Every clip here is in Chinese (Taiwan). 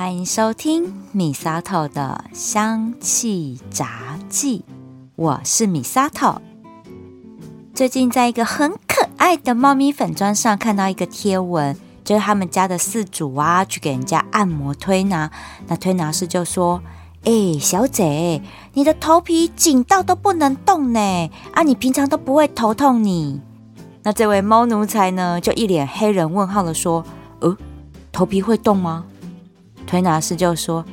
歡迎收聽米沙特的香氣雜記，我是米沙特。最近在一個很可愛的貓咪粉專，上看到一個貼文，就是他們家的飼主啊去給人家按摩推拿，那推拿師就說：“誒、欸，小姐，你的頭皮緊到都不能動呢！啊，你平常都不會頭痛你，你那這位貓奴才呢，就一臉黑人問號的說：呃，頭皮會動嗎？”推拿師就說：“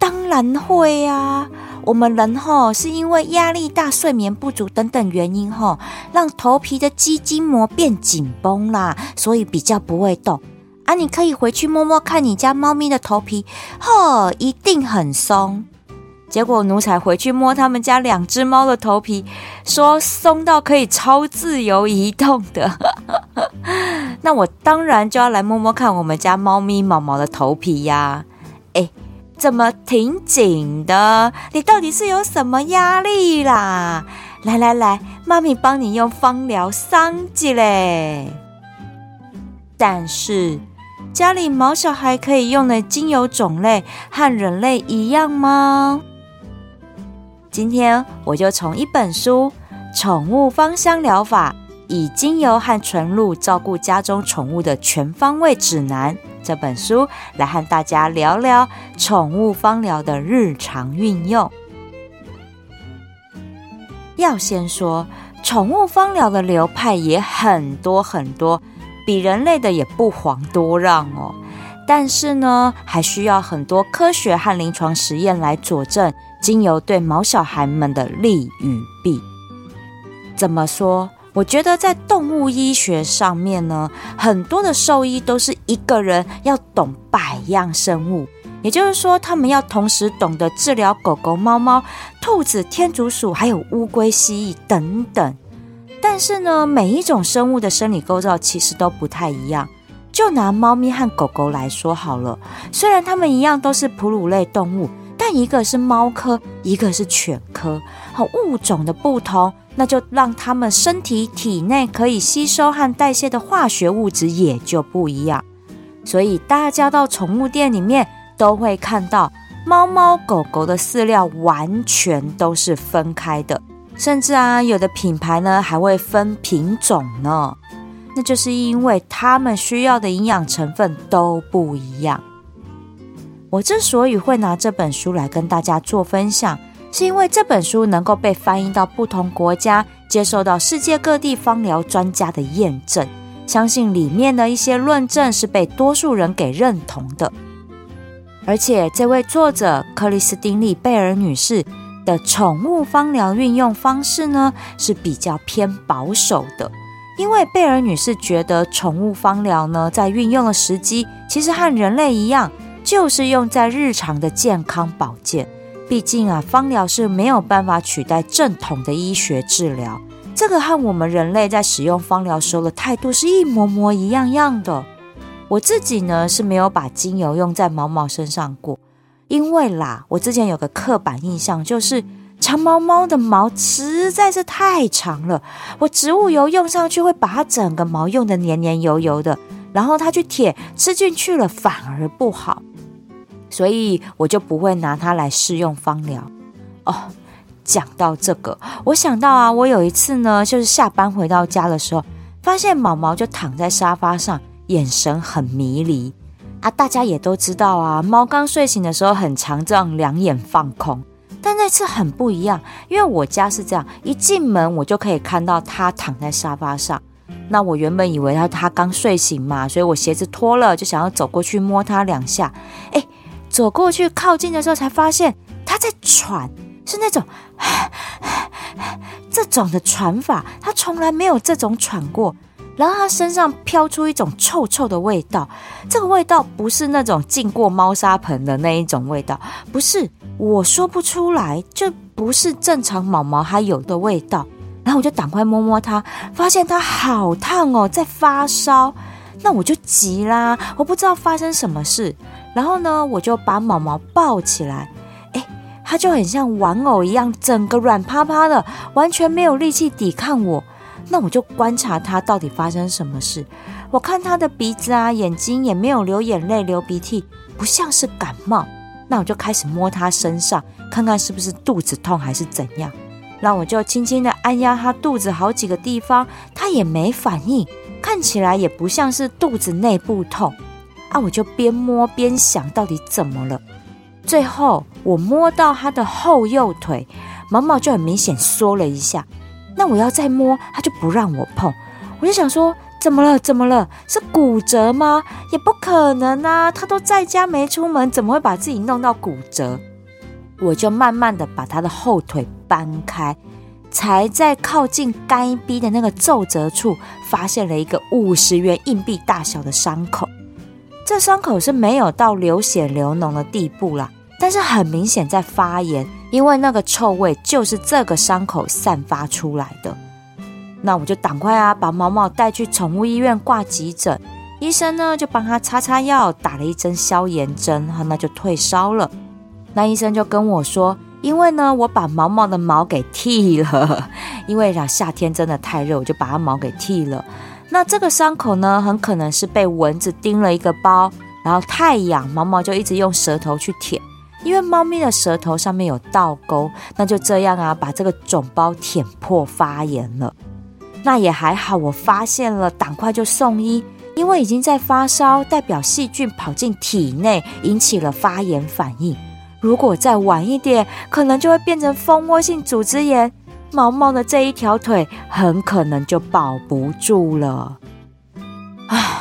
當然會呀、啊，我們人哈是因為壓力大、睡眠不足等等原因哈，讓頭皮的肌筋膜變緊繃啦，所以比較不會動。啊，你可以回去摸摸看你家貓咪的頭皮，哈，一定很鬆。結果奴才回去摸他們家兩隻貓的頭皮，說鬆到可以超自由移動的。 那我當然就要來摸摸看我們家貓咪毛毛的頭皮呀、啊。”哎，怎麼挺緊的？你到底是有什麼壓力啦？來來來，媽咪幫你用芳療桑寄嘞。但是，家裡毛小孩可以用的精油種類和人類一樣嗎？今天我就從一本書《寵物芳香療法：以精油和純露照顧家中寵物的全方位指南》。這本書來和大家聊聊寵物芳療的日常運用。要先說，寵物芳療的流派也很多很多，比人類的也不遑多讓哦。但是呢，還需要很多科學和臨床實驗來佐證，精油對毛小孩們的利與弊。怎麼說？我覺得在動物醫學上面呢，很多的獸醫都是一個人要懂百樣生物，也就是說，他們要同時懂得治療狗狗、貓貓、兔子、天竺鼠，還有烏龜、蜥蜴等等。但是呢，每一種生物的生理構造其實都不太一樣。就拿貓咪和狗狗來說好了，雖然它們一樣都是哺乳類動物，但一個是貓科，一個是犬科，和物種的不同。那就讓他們身體體內可以吸收和代謝的化學物質也就不一樣，所以大家到寵物店裡面都會看到貓貓狗狗的飼料完全都是分開的，甚至啊，有的品牌呢還會分品種呢，那就是因為他們需要的營養成分都不一樣。我之所以會拿這本書來跟大家做分享。是因為這本書能夠被翻譯到不同國家，接受到世界各地芳療專家的驗證，相信裡面的一些論證是被多數人給認同的。而且，這位作者克里斯汀·利貝爾女士的寵物芳療運用方式呢，是比較偏保守的，因為貝爾女士覺得寵物芳療呢，在運用的時機其實和人類一樣，就是用在日常的健康保健。畢竟啊，芳療是沒有辦法取代正統的醫學治療。這個和我們人類在使用芳療時候的態度是一模模一樣樣的。我自己呢是沒有把精油用在毛毛身上過，因為啦，我之前有個刻板印象，就是長毛貓的毛實在是太長了，我植物油用上去會把它整個毛用得黏黏油油的，然後它去舔，吃進去了反而不好。所以我就不會拿它來試用芳療哦。講、oh, 到這個，我想到啊，我有一次呢，就是下班回到家的時候，發現毛毛就躺在沙發上，眼神很迷離啊。大家也都知道啊，貓剛睡醒的時候很常這樣兩眼放空。但那次很不一樣，因為我家是這樣，一進門我就可以看到它躺在沙發上。那我原本以為它它剛睡醒嘛，所以我鞋子脫了，就想要走過去摸它兩下，誒、欸。走過去靠近的時候，才發現它在喘，是那種這種的喘法，它從來沒有這種喘過。然後它身上飄出一種臭臭的味道，這個味道不是那種進過貓砂盆的那一種味道，不是，我說不出來，就不是正常毛毛還有的味道。然後我就趕快摸摸它，發現它好燙哦，在發燒，那我就急啦，我不知道發生什麼事。然後呢，我就把毛毛抱起來，哎，他就很像玩偶一樣，整個軟趴趴的，完全沒有力氣抵抗我。那我就觀察他到底發生什麼事。我看他的鼻子啊、眼睛也沒有流眼淚、流鼻涕，不像是感冒。那我就開始摸他身上，看看是不是肚子痛還是怎樣。那我就輕輕的按壓他肚子好幾個地方，他也沒反應，看起來也不像是肚子內部痛。啊！我就邊摸邊想，到底怎麼了？最後我摸到他的後右腿，毛毛就很明顯縮了一下。那我要再摸，他就不讓我碰。我就想說，怎麼了？怎麼了？是骨折嗎？也不可能啊！他都在家沒出門，怎麼會把自己弄到骨折？我就慢慢的把他的後腿搬開，才在靠近干逼的那個皺褶處，發現了一個五十元硬幣大小的傷口。這傷口是沒有到流血流膿的地步啦，但是很明顯在發炎，因為那個臭味就是這個傷口散發出來的。那我就趕快啊，把毛毛帶去寵物醫院掛急診。醫生呢就幫他擦擦藥，打了一針消炎針，哈，那就退燒了。那醫生就跟我說，因為呢，我把毛毛的毛給剃了，因為啊，夏天真的太熱，我就把它毛給剃了。那這個傷口呢，很可能是被蚊子叮了一個包，然後太癢，毛毛就一直用舌頭去舔，因為貓咪的舌頭上面有倒鈎，那就這樣啊，把這個腫包舔破發炎了。那也還好，我發現了，趕快就送醫，因為已經在發燒，代表細菌跑進體內，引起了發炎反應。如果再晚一點，可能就會變成蜂窩性組織炎。毛毛的這一條腿很可能就保不住了。唉，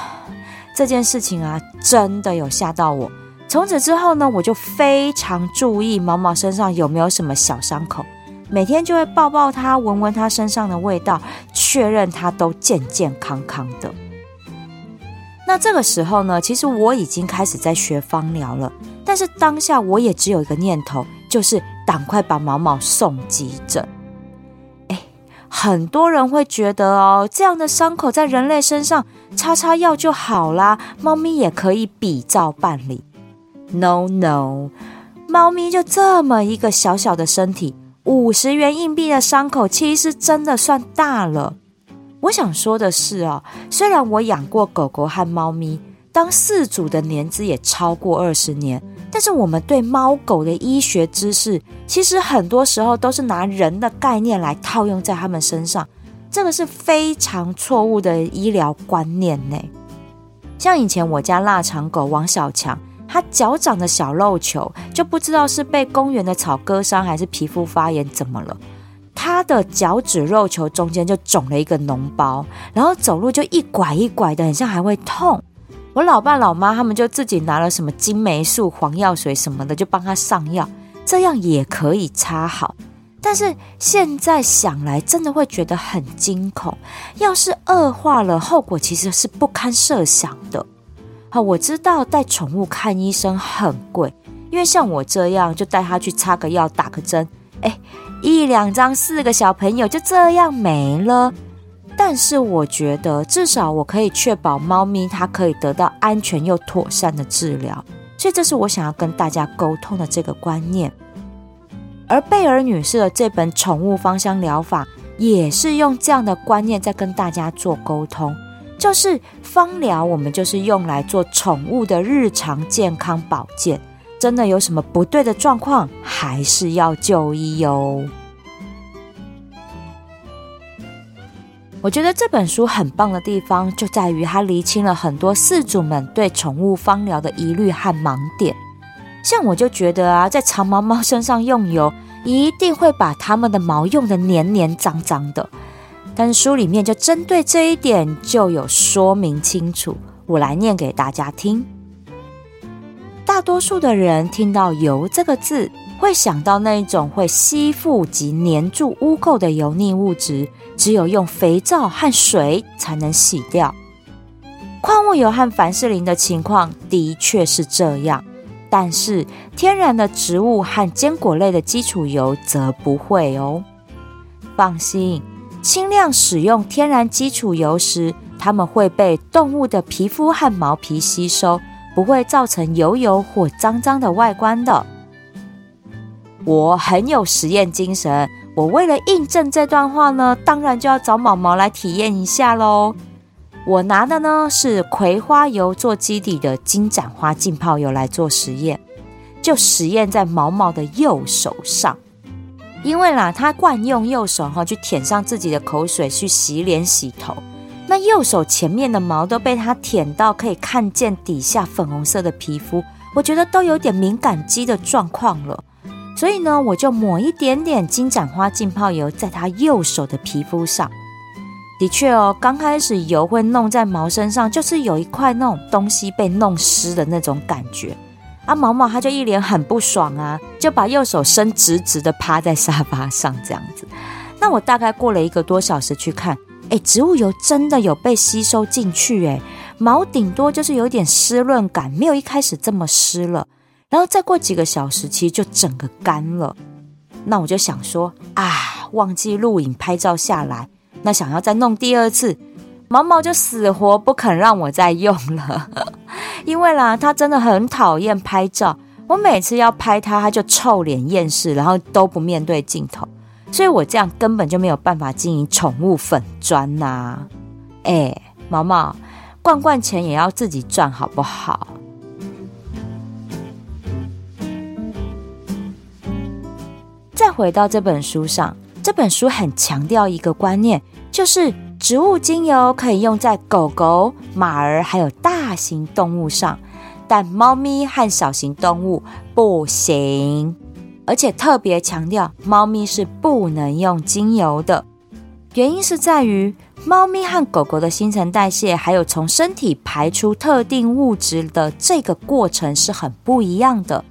這件事情啊，真的有嚇到我。從此之後呢，我就非常注意毛毛身上有沒有什麼小傷口，每天就會抱抱它，聞聞它身上的味道，確認它都健健康康的。那這個時候呢，其實我已經開始在學芳療了，但是當下我也只有一個念頭，就是趕快把毛毛送急診。很多人會覺得哦，這樣的傷口在人類身上擦擦藥就好啦，貓咪也可以比照辦理。No, no，貓咪就這麼一個小小的身體，五十元硬幣的傷口其實真的算大了。我想說的是哦，雖然我養過狗狗和貓咪，當飼主的年資也超過二十年，但是我們對貓狗的醫學知識，其實很多時候都是拿人的概念來套用在他們身上，這個是非常錯誤的醫療觀念呢。像以前我家臘腸狗王小強，他腳掌的小肉球就不知道是被公園的草割傷，還是皮膚發炎，怎麼了？他的腳趾肉球中間就腫了一個膿包，然後走路就一拐一拐的，很像還會痛。我老爸老媽他們就自己拿了什麼金霉素、黃藥水什麼的，就幫他上藥，這樣也可以擦好。但是現在想來，真的會覺得很驚恐。要是惡化了，後果其實是不堪設想的。好、哦，我知道帶寵物看醫生很貴，因為像我這樣就帶他去擦個藥、打個針，哎，一兩張四個小朋友就這樣沒了。但是我覺得，至少我可以確保貓咪它可以得到安全又妥善的治療，所以這是我想要跟大家溝通的這個觀念。而貝爾女士的這本《寵物芳香療法》也是用這樣的觀念在跟大家做溝通，就是芳療我們就是用來做寵物的日常健康保健，真的有什麼不對的狀況，還是要就醫哦。我覺得這本書很棒的地方就在於它釐清了很多飼主們對寵物芳療的疑慮和盲點。像我就覺得啊，在長毛貓身上用油，一定會把它們的毛用得黏黏髒髒的。但是書裡面就針對這一點就有說明清楚，我來念給大家聽。大多數的人聽到“油”這個字。會想到那一種會吸附及黏住污垢的油膩物質，只有用肥皂和水才能洗掉。礦物油和凡士林的情況的確是這樣，但是天然的植物和堅果類的基礎油則不會哦。放心，輕量使用天然基礎油時，它們會被動物的皮膚和毛皮吸收，不會造成油油或髒髒的外觀的。我很有實驗精神，我為了印證這段話呢，當然就要找毛毛來體驗一下嘍。我拿的呢是葵花油做基底的金盞花浸泡油來做實驗，就實驗在毛毛的右手上，因為啦，他慣用右手哈，去舔上自己的口水去洗臉洗頭，那右手前面的毛都被他舔到，可以看見底下粉紅色的皮膚，我覺得都有點敏感肌的狀況了。所以呢，我就抹一點點金盞花浸泡油在它右手的皮膚上。的確哦，剛開始油會弄在毛身上，就是有一塊那種東西被弄濕的那種感覺啊。毛毛它就一臉很不爽啊，就把右手伸直直的趴在沙發上這樣子。那我大概過了一個多小時去看，誒，植物油真的有被吸收進去誒，毛頂多就是有點濕潤感，沒有一開始這麼濕了。然後再過幾個小時，其實就整個乾了。那我就想說啊，忘記錄影拍照下來，那想要再弄第二次，毛毛就死活不肯讓我再用了， 因為啦，他真的很討厭拍照。我每次要拍他，他就臭臉厭世，然後都不面對鏡頭，所以我這樣根本就沒有辦法經營寵物粉專吶、啊。哎、欸，毛毛，罐罐錢也要自己賺好不好？再回到這本書上，這本書很強調一個觀念，就是植物精油可以用在狗狗、馬兒還有大型動物上，但貓咪和小型動物不行。而且特別強調，貓咪是不能用精油的，原因是在於貓咪和狗狗的新陳代謝，還有從身體排出特定物質的這個過程是很不一樣的。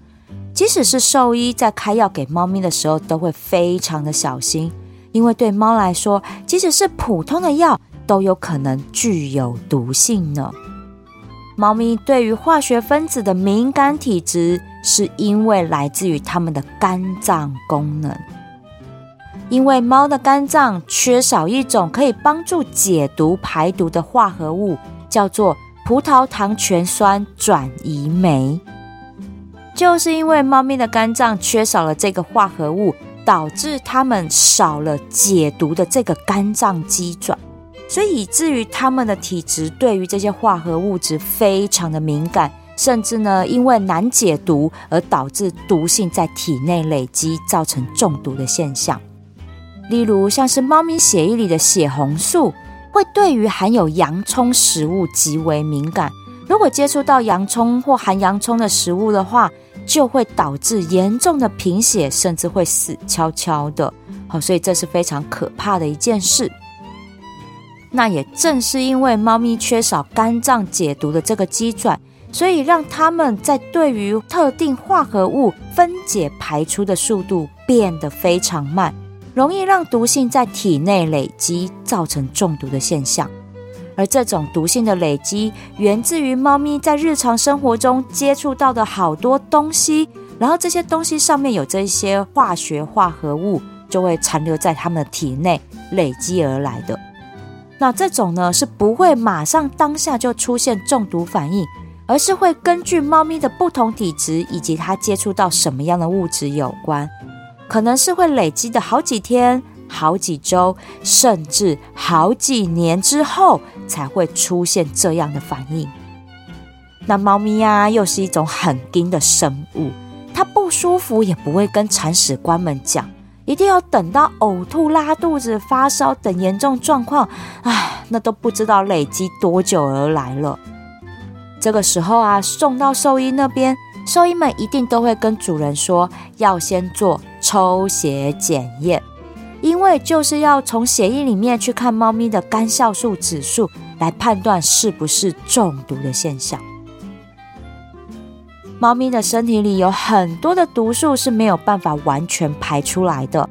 即使是獸醫在開藥給貓咪的時候，都會非常的小心，因為對貓來說，即使是普通的藥都有可能具有毒性呢。貓咪對於化學分子的敏感體質，是因為來自於它們的肝臟功能。因為貓的肝臟缺少一種可以幫助解毒排毒的化合物，叫做葡萄糖醛酸轉移酶。就是因為貓咪的肝臟缺少了這個化合物，導致它們少了解毒的這個肝臟機轉，所以以至於它們的體質對於這些化合物質非常的敏感，甚至呢，因為難解毒而導致毒性在體內累積，造成中毒的現象。例如，像是貓咪血液裡的血紅素會對於含有洋蔥食物極為敏感，如果接觸到洋蔥或含洋蔥的食物的話。就會導致嚴重的貧血，甚至會死翹翹的。好，所以這是非常可怕的一件事。那也正是因為貓咪缺少肝臟解毒的這個機轉，所以讓它們在對於特定化合物分解排出的速度變得非常慢，容易讓毒性在體內累積，造成中毒的現象。而這種毒性的累積，源自於貓咪在日常生活中接觸到的好多東西，然後這些東西上面有這些化學化合物，就會殘留在它們的體內，累積而來的。那這種呢，是不會馬上當下就出現中毒反應，而是會根據貓咪的不同體質以及它接觸到什麼樣的物質有關，可能是會累積的好幾天。好幾週，甚至好幾年之後才會出現這樣的反應。那貓咪啊，又是一種很驚的生物，它不舒服也不會跟鏟屎官們講，一定要等到嘔吐、拉肚子、發燒等嚴重狀況，唉，那都不知道累積多久而來了。這個時候啊，送到獸醫那邊，獸醫們一定都會跟主人說，要先做抽血檢驗。因為就是要從血液裡面去看貓咪的肝酵素指數，來判斷是不是中毒的現象。貓咪的身體裡有很多的毒素是沒有辦法完全排出來的，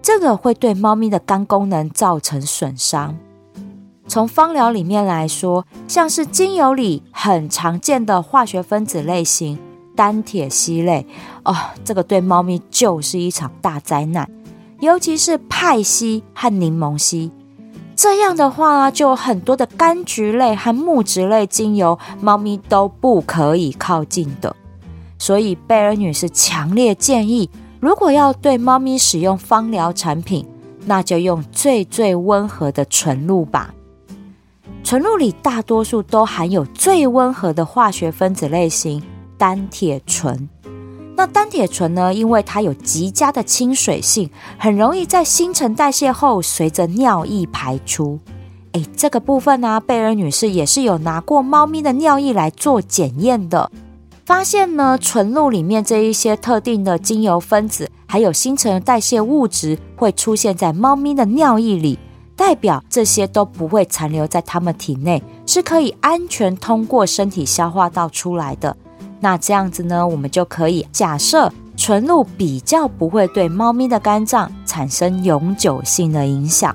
這個會對貓咪的肝功能造成損傷。從芳療裡面來說，像是精油裡很常見的化學分子類型單萜烯類，哦，這個對貓咪就是一場大災難。尤其是派西和檸檬烯，這樣的話就很多的柑橘類和木質類精油，貓咪都不可以靠近的。所以貝兒女士強烈建議，如果要對貓咪使用芳療產品，那就用最最溫和的純露吧。純露裡大多數都含有最溫和的化學分子類型，單萜醇。那單萜醇呢？因為它有極佳的親水性，很容易在新陳代謝後隨着尿液排出。哎，這個部分呢、啊，貝爾女士也是有拿過貓咪的尿液來做檢驗的，發現呢，純露裡面這一些特定的精油分子，還有新陳代謝物質，會出現在貓咪的尿液裡，代表這些都不會殘留在它們體內，是可以安全通過身體消化道出來的。那這樣子呢，我們就可以假設純露比較不會對貓咪的肝臟產生永久性的影響。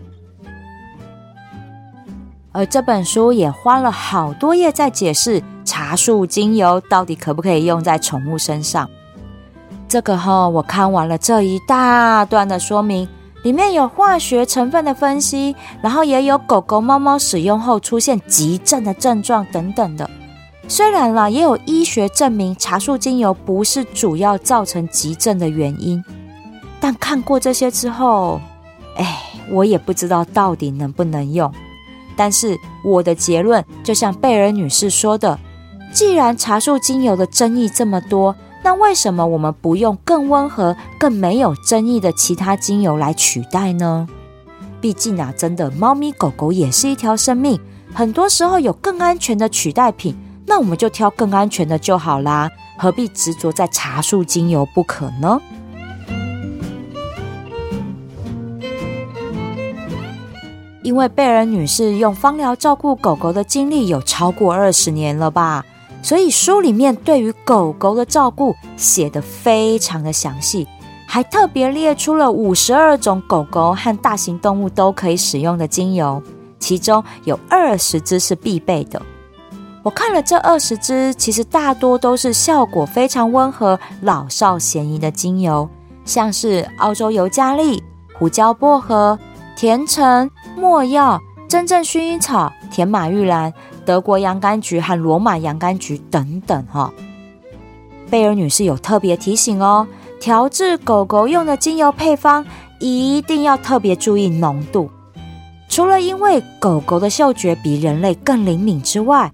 而這本書也花了好多頁在解釋茶樹精油到底可不可以用在寵物身上。這個哈、哦，我看完了這一大段的說明，裡面有化學成分的分析，然後也有狗狗、貓貓使用後出現急症的症狀等等的。雖然啦，也有醫學證明茶樹精油不是主要造成急症的原因，但看過這些之後，哎，我也不知道到底能不能用。但是我的結論就像貝爾女士說的，既然茶樹精油的爭議這麼多，那為什麼我們不用更溫和、更沒有爭議的其他精油來取代呢？畢竟啊，真的，貓咪狗狗也是一條生命，很多時候有更安全的取代品。那我們就挑更安全的就好啦，何必執着在茶樹精油不可呢？因為貝爾女士用芳療照顧狗狗的經歷有超過二十年了吧，所以書裡面對於狗狗的照顧寫得非常的詳細，還特別列出了五十二種狗狗和大型動物都可以使用的精油，其中有二十只是必備的。我看了這二十支，其實大多都是效果非常溫和、老少咸宜的精油，像是澳洲尤加利、胡椒薄荷、甜橙、沒藥、真正薰衣草、甜馬玉蘭、德國洋甘菊和羅馬洋甘菊等等。哈，貝爾女士有特別提醒哦：調製狗狗用的精油配方，一定要特別注意濃度。除了因為狗狗的嗅覺比人類更靈敏之外，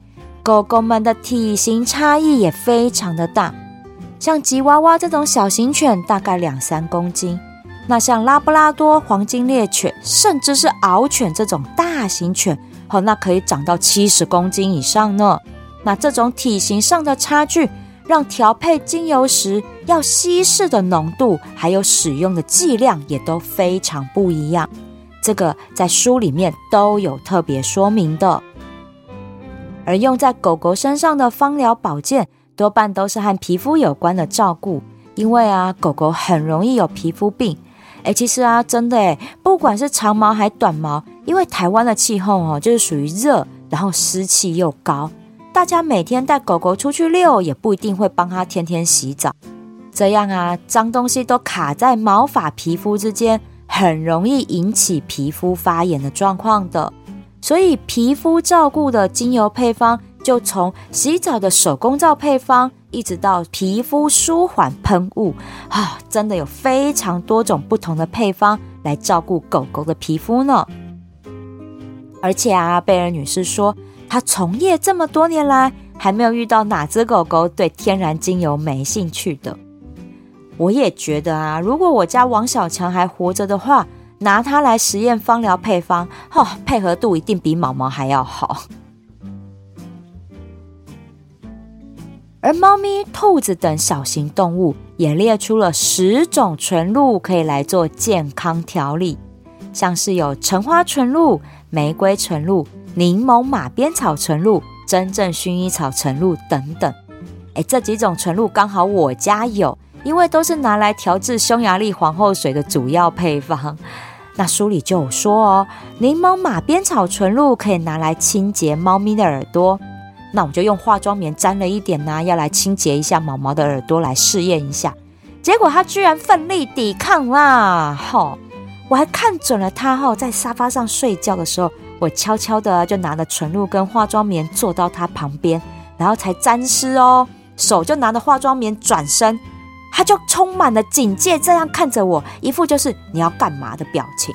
狗狗們的體型差異也非常的大，像吉娃娃這種小型犬大概兩三公斤，那像拉布拉多、黃金獵犬，甚至是獒犬這種大型犬，好，那可以長到七十公斤以上呢。那這種體型上的差距，讓調配精油時要稀釋的濃度，還有使用的劑量也都非常不一樣。這個在書裡面都有特別說明的。而用在狗狗身上的芳療保健，多半都是和皮膚有關的照顧，因為啊，狗狗很容易有皮膚病。哎，其實啊，真的哎，不管是長毛還短毛，因為台灣的氣候哦，就是屬於熱，然後濕氣又高，大家每天帶狗狗出去遛，也不一定會幫它天天洗澡。這樣啊，髒東西都卡在毛髮皮膚之間，很容易引起皮膚發炎的狀況的。所以，皮膚照顧的精油配方就從洗澡的手工皂配方，一直到皮膚舒緩噴霧，啊，真的有非常多種不同的配方來照顧狗狗的皮膚呢。而且啊，貝爾女士說，她從業這麼多年來，還沒有遇到哪隻狗狗對天然精油沒興趣的。我也覺得啊，如果我家王小強還活着的話，拿它來實驗芳療配方，哦，配合度一定比毛毛還要好。而貓咪、兔子等小型動物也列出了十種純露可以來做健康調理，像是有橙花純露、玫瑰純露、檸檬馬鞭草純露、真正薰衣草純露等等。誒，這幾種純露剛好我家有，因為都是拿來調製匈牙利皇后水的主要配方。那書裡就有說哦，檸檬馬鞭草純露可以拿來清潔貓咪的耳朵。那我就用化妝棉沾了一點呢、啊，要來清潔一下毛毛的耳朵，來試驗一下。結果它居然奮力抵抗啦！吼、哦，我還看準了它哈、哦，在沙發上睡覺的時候，我悄悄的就拿着純露跟化妝棉坐到它旁邊，然後才沾濕哦，手就拿着化妝棉轉身。他就充滿了警戒，這樣看着我，一副就是你要幹嘛的表情。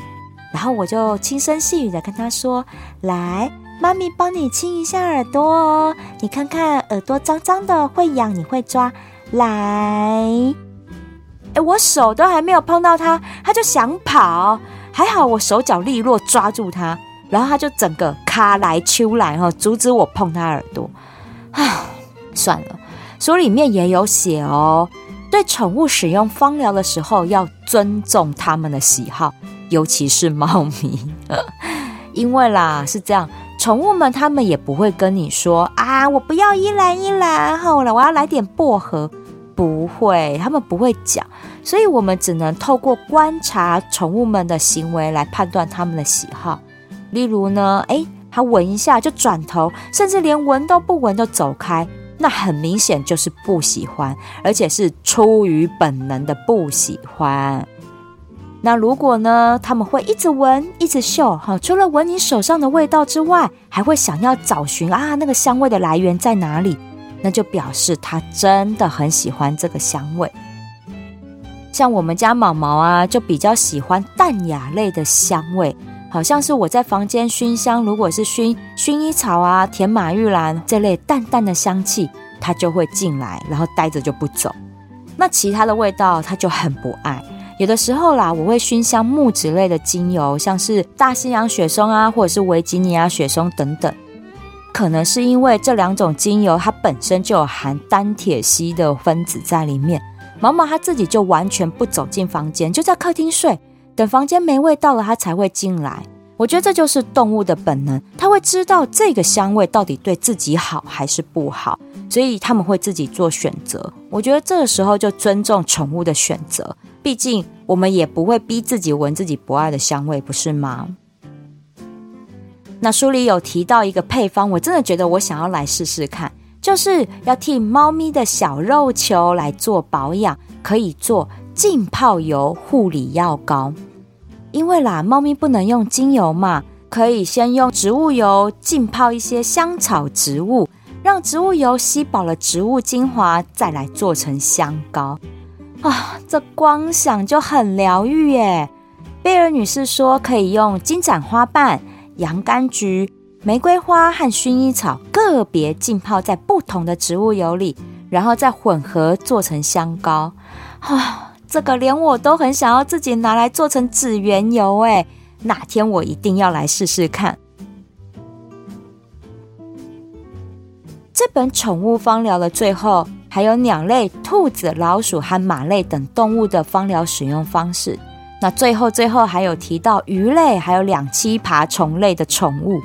然後我就輕聲細語的跟他說：“來，媽咪幫你清一下耳朵哦，你看看耳朵髒髒的，會癢，你會抓。來，哎、欸，我手都還沒有碰到他，他就想跑。還好我手腳利落，抓住他，然後他就整個卡來揪來哈，阻止我碰他耳朵。唉，算了，書裡面也有寫哦。”對寵物使用芳療的時候，要尊重他們的喜好，尤其是貓咪， 因為啦是這樣，寵物們他們也不會跟你說啊，我不要依蘭依蘭，後來，我要來點薄荷，不會，他們不會講，所以我們只能透過觀察寵物們的行為來判斷他們的喜好。例如呢，哎，它聞一下就轉頭，甚至連聞都不聞就走開。那很明顯就是不喜歡，而且是出於本能的不喜歡。那如果呢，他們會一直聞，一直嗅，除了聞你手上的味道之外，還會想要找尋啊那個香味的來源在哪裡，那就表示他真的很喜歡這個香味。像我們家毛毛啊，就比較喜歡淡雅類的香味。好像是我在房間熏香，如果是薰薰衣草啊、甜馬鬱蘭這類淡淡的香氣，它就會進來，然後待着就不走。那其他的味道它就很不愛。有的時候啦，我會熏香木質類的精油，像是大西洋雪松啊，或者是維吉尼亞雪松等等。可能是因為這兩種精油它本身就有含單萜烯的分子在裡面，毛毛它自己就完全不走進房間，就在客廳睡。等房間沒味道了，它才會進來。我覺得這就是動物的本能，它會知道這個香味到底對自己好還是不好，所以他們會自己做選擇。我覺得這個時候就尊重寵物的選擇，畢竟我們也不會逼自己聞自己不愛的香味，不是嗎？那書裡有提到一個配方，我真的覺得我想要來試試看，就是要替貓咪的小肉球來做保養，可以做。浸泡油護理藥膏，因為啦，貓咪不能用精油嘛，可以先用植物油浸泡一些香草植物，讓植物油吸飽了植物精華，再來做成香膏啊。這光想就很療癒耶。貝爾女士說，可以用金盞花瓣、洋甘菊、玫瑰花和薰衣草，個別浸泡在不同的植物油裡，然後再混合做成香膏啊。這個連我都很想要自己拿來做成指緣油哎，哪天我一定要來試試看。這本寵物芳療的最後還有鳥類、兔子、老鼠和馬類等動物的芳療使用方式。那最後最後還有提到魚類還有兩棲爬蟲類的寵物。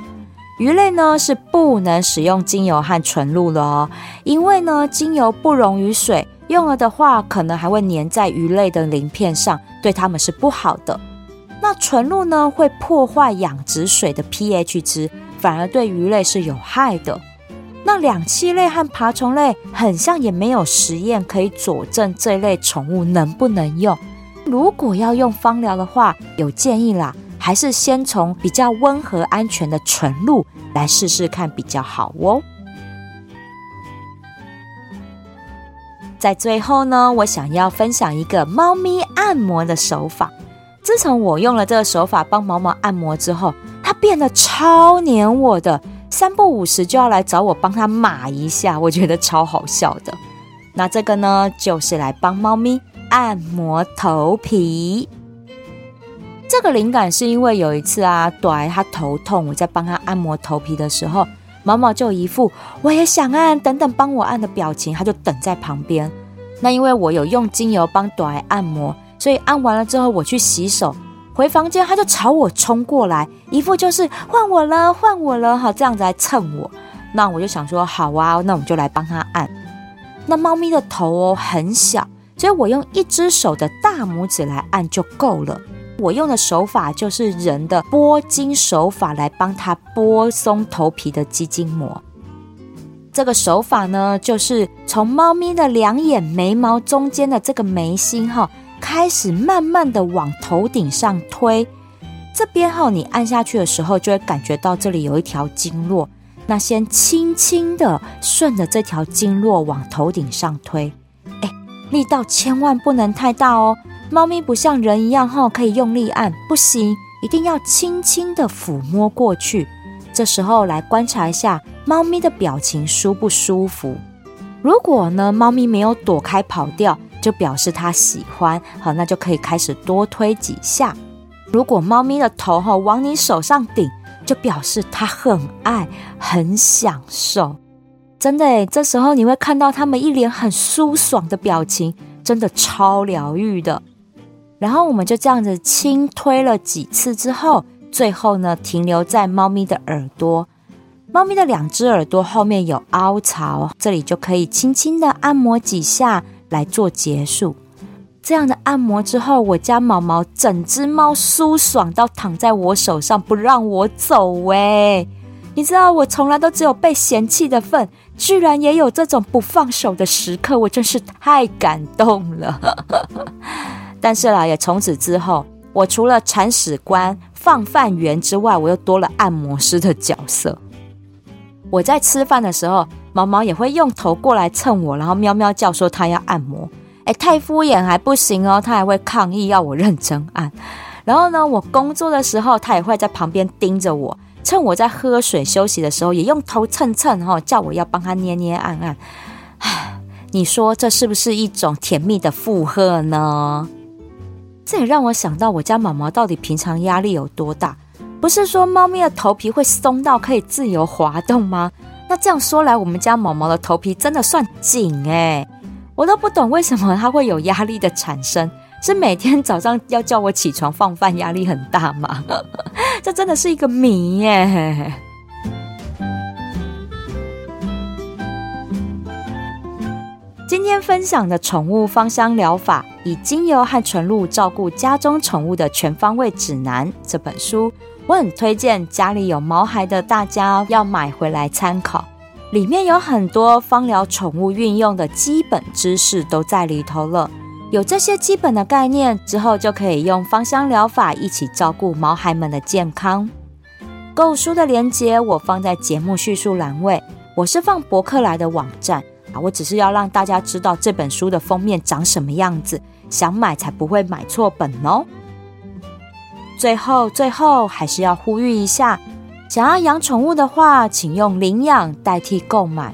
魚類呢是不能使用精油和純露的哦，因為呢精油不溶於水。用了的話，可能還會粘在魚類的鱗片上，對它們是不好的。那純露呢，會破壞養殖水的 pH 值，反而對魚類是有害的。那兩棲類和爬蟲類很像，也沒有實驗可以佐證這一類寵物能不能用。如果要用芳療的話，有建議啦，還是先從比較溫和安全的純露來試試看比較好哦。在最後呢，我想要分享一個貓咪按摩的手法。自從我用了這個手法幫毛毛按摩之後，它變得超黏我的，三不五時就要來找我幫它碼一下，我覺得超好笑的。那這個呢，就是來幫貓咪按摩頭皮。這個靈感是因為有一次啊，短它頭痛，我在幫它按摩頭皮的時候。毛毛就一副我也想按，等等幫我按的表情，他就等在旁邊。那因為我有用精油幫朵按摩，所以按完了之後我去洗手，回房間他就朝我衝過來，一副就是換我了，換我了，好，這樣子來蹭我。那我就想說好啊，那我們就來幫他按。那貓咪的頭哦很小，所以我用一隻手的大拇指來按就夠了。我用的手法就是人的撥筋手法來幫他撥鬆頭皮的肌筋膜。這個手法呢，就是從貓咪的兩眼眉毛中間的這個眉心哈，開始慢慢的往頭頂上推。這邊哈，你按下去的時候，就會感覺到這裡有一條經絡。那先輕輕的順着這條經絡往頭頂上推，欸，力道千萬不能太大哦。貓咪不像人一樣哈，可以用力按，不行，一定要輕輕的撫摸過去。這時候來觀察一下貓咪的表情舒不舒服。如果呢，貓咪沒有躲開跑掉，就表示它喜歡，好，那就可以開始多推幾下。如果貓咪的頭哈往你手上頂，就表示它很愛，很享受。真的誒，這時候你會看到它們一臉很舒爽的表情，真的超療癒的。然後我們就這樣子輕推了幾次之後，最後呢，停留在貓咪的耳朵，貓咪的兩隻耳朵後面有凹槽，這裡就可以輕輕的按摩幾下來做結束。這樣的按摩之後，我家毛毛整只貓舒爽到躺在我手上不讓我走。喂、欸，你知道我從來都只有被嫌棄的份，居然也有這種不放手的時刻，我真是太感動了。 但是啦，也從此之後，我除了鏟屎官、放飯員之外，我又多了按摩師的角色。我在吃飯的時候，毛毛也會用頭過來蹭我，然後喵喵叫說他要按摩。哎、欸，太敷衍還不行哦，他還會抗議要我認真按。然後呢，我工作的時候，他也會在旁邊盯着我，趁我在喝水休息的時候，也用頭蹭蹭、哦，哈，叫我要幫他捏捏按按。唉，你說這是不是一種甜蜜的負荷呢？這也讓我想到，我家毛毛到底平常壓力有多大？不是說貓咪的頭皮會鬆到可以自由滑動嗎？那這樣說來，我們家毛毛的頭皮真的算緊誒、欸。我都不懂為什麼它會有壓力的產生，是每天早上要叫我起床放飯壓力很大嗎？ 這真的是一個謎哎、欸。今天分享的《寵物芳香療法：以精油和純露照顧家中寵物的全方位指南》這本書，我很推薦家裡有毛孩的大家要買回來參考。裡面有很多芳療寵物運用的基本知識都在裡頭了。有這些基本的概念之後，就可以用芳香療法一起照顧毛孩們的健康。購書的連結我放在節目敘述欄位，我是放博客來的網站。我只是要讓大家知道這本書的封面長什麼樣子，想買才不會買錯本哦。最後，最後還是要呼籲一下，想要養寵物的話，請用領養代替購買。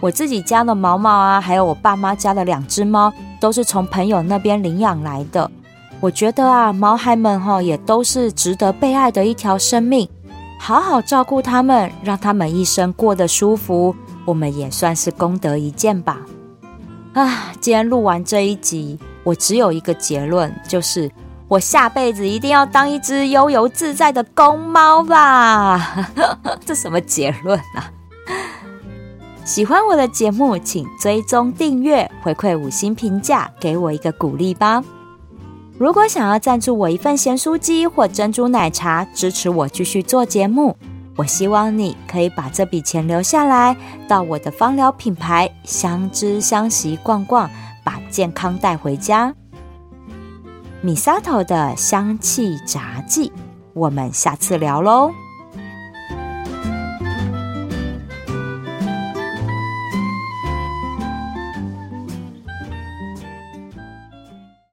我自己家的毛毛啊，還有我爸媽家的兩隻貓，都是從朋友那邊領養來的。我覺得啊，毛孩們哈也都是值得被愛的一條生命，好好照顧他們，讓他們一生過得舒服。我們也算是功德一件吧，啊！既然錄完這一集，我只有一個結論，就是我下輩子一定要當一隻悠游自在的公貓吧！呵呵，這什麼結論啊？喜歡我的節目，請追蹤訂閱，回饋五星評價，給我一個鼓勵吧。如果想要贊助我一份鹹酥雞或珍珠奶茶，支持我繼續做節目。我希望你可以把這筆錢留下來，到我的芳療品牌相知相習逛逛，把健康帶回家。米 t o 的香氣札記，我們下次聊嘍。